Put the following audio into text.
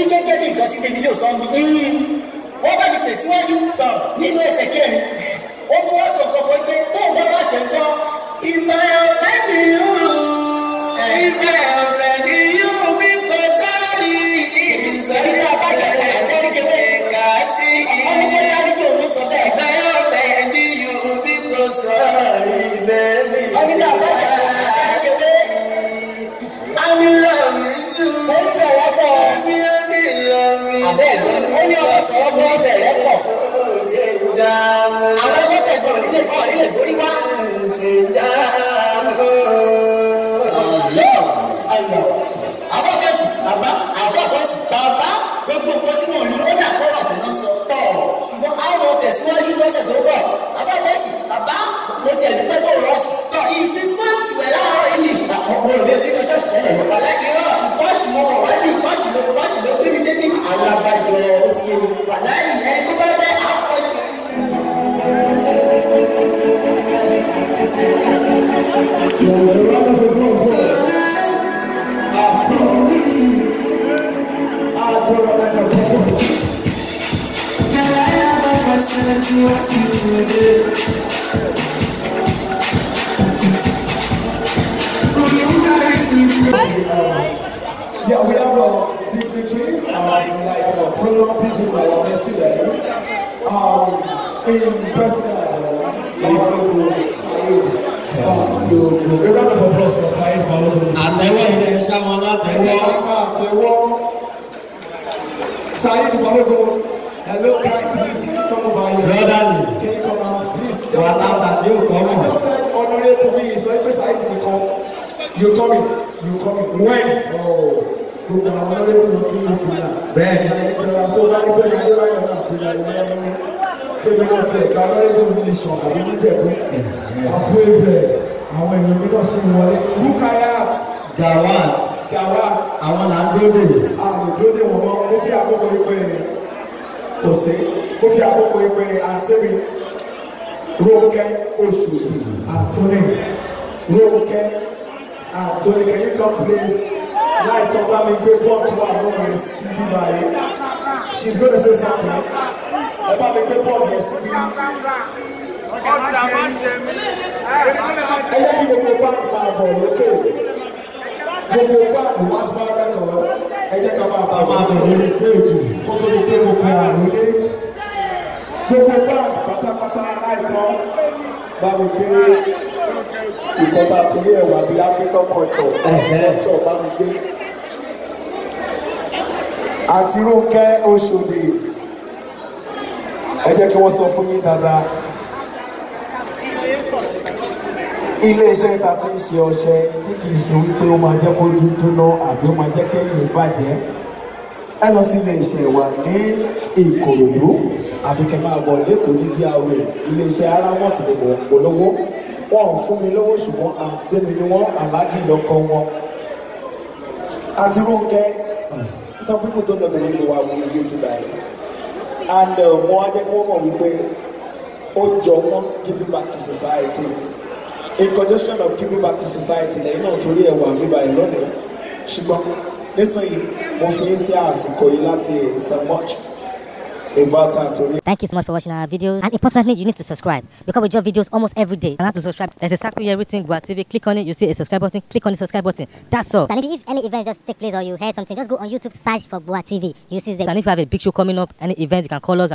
rí gẹ́gẹ́ bí nǹkan tí tèmi yóò sọ ní ẹ̀yìn wọ́n bá mi tẹ̀síwájú gbà nínú ẹsẹ̀ kẹrin ó mú wá sọ kọ̀ọ̀kan pé tóun bá wá ṣe ọgbọ́n fẹ̀rẹ̀ pọ̀ Impressive. Balogun Saheed Balogun. A round of applause for Saheed Balogun. Àtẹ̀wọ́ ilẹ̀ iṣẹ́ wọn látẹ̀wọ́. Ẹ̀ka ká àtẹ̀wọ́. Saheed Balogun. Hello guy please can you come over here? Jọ́dánì. Can you come out please? Wàhálà àti òkò ọmọ. I just said honourable me sọ pé Saheed mi kọ. You coming? You coming? When? Gbogbo àwọn ọlọ́lẹ́kùn náà ti ń fi náà. Bẹ́ẹ̀ni. Ìjọba tó bá ń fẹ́ mi Adébáyọ̀ náà fi náà ní ọlọ́lẹ́kùn kébi náà tiẹ̀ ká mẹ́rẹ́dẹ́ mílíṣọ̀n àbí níjẹ̀bú àbú ebẹ̀ àwọn èèyàn mi náà sì ń wọlé Rukayat Gawat Gawat àwọn là ń dóde. àmì dóde wọn mọ ó fi àkókò ìpè kò sí ó fi àkókò ìpè àti mi Ronke Oshodi Atoni Ronke Atoni can you come please láì tọ́ bá mi gbé bọ́ọ̀tù àlọ́ mi sí bíbá yìí she is gonna say something ẹ kí gbogbo báàgì máa bọ̀ lókè gbogbo báàgì wá sí báàgì ká máa bá máa bọ̀ lórí stéèjì kó tó pé mo pe gbogbo báàgì pátápátá láìtán bá mi gbé ìkọta torí ẹ̀wà bíi African culture culture bá mi gbé àti Rónkẹ́ Oṣòdì ẹ jẹ́ kí wọ́n sọ fún yín dáadáa iléeṣẹ́ ta ti ń ṣe ọṣẹ tí kì í ṣe wípé ó máa jẹ́ kó dúdúná àbí ó máa jẹ́ kéèyàn bàjẹ́ ẹ lọ sí iléeṣẹ́ wa ní Ìkòròdú àbí kẹ́ máa bọ̀ lẹ́kọ̀ọ́ ní GRA iléeṣẹ́ aramọ́t ni mò ń polówó wọn ò fún mi lówó ṣùgbọ́n àǹtí mi ni wọ́n aláàjì lọ́kọ wọn àti Rónkẹ́ some people don't know the reason why we are here today and uh, mo wá jẹ́ kí wọ́n mọ̀ wípé ó jọ mọ́ giving back to society in conjunction of giving back to society lẹ́yìn náà torí ẹ̀wà bíbá ẹ̀ lónìí ṣùgbọ́n nísìnyí mo fi ń ṣe àsìkò yìí láti so much. Thank you so much for watching our videos. And importantly, you need to subscribe because we drop videos almost every day. And have to subscribe? There's a circle here written Gua TV. Click on it. You see a subscribe button. Click on the subscribe button. That's all. And if any event just take place or you heard something, just go on YouTube, search for Boa TV. You see the. And if you have a big show coming up, any event, you can call us.